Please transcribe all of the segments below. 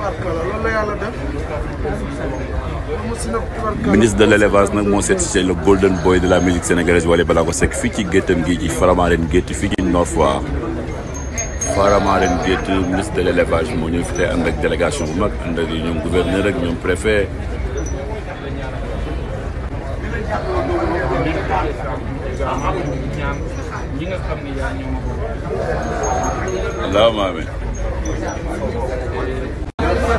tubarkalla la def ministre de l'élevage nag moo certifié le golden boy de la musique sénégalaise Wally balago Seck fi ci géttam gi ci Faramaren gétt fi ci Nord Faramaren gétt ministre de l'élevage mo ñu fi tey ak délégation bu mag ànd ak gouverneur ak ñom préfet allahumma amin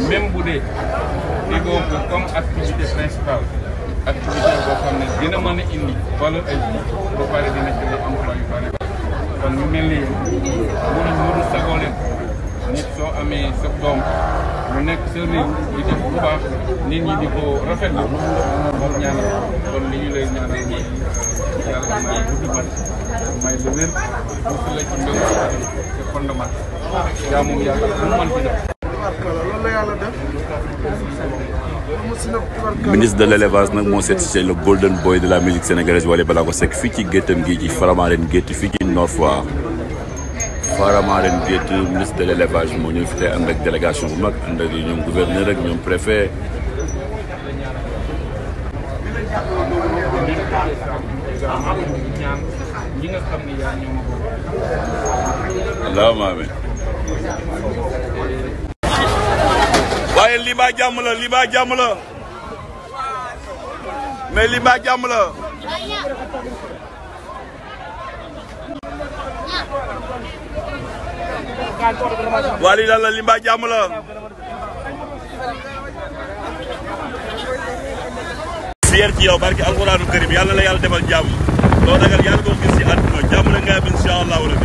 même bu dee déggoo ko comme activité principale activité boo xam ne dina mën a indi valeur ajoutée ba pare dina jëlee emploi yu bari kon ñu mel ni mën mënu sagoo nit soo amee sa doom lu nekk sa réew di def bu baax nit ñi di ko rafetlu moom ñaanal kon li ñu lay ñaanal mooy yàlla may guddi mat may lu wér mosu la ci mbéy te yaa moom yàlla lu mën di def tubarkala loolu ministre de l' nag moo certifié le golden boy de la musique sénégalaise Wally Ballago Seck fii ci géttam gi ci Faramareen gétt fii ci Nord Foire. Faramareen gétt ministre de l' moo ñëw fi tey ànd ak délégation mag ànd ak gouverneur ak ñoom préfet. allahumma amiin waaye li baa jàmm la li baa jàmm la mais li baa jàmm la waa lii daal la li baa jàmm la fier ci yow barki alquraanu karim yàlla la yàlla defal jàmm loo ragal yàlla ko gis ci àdduna jàmm la nga am incha allahu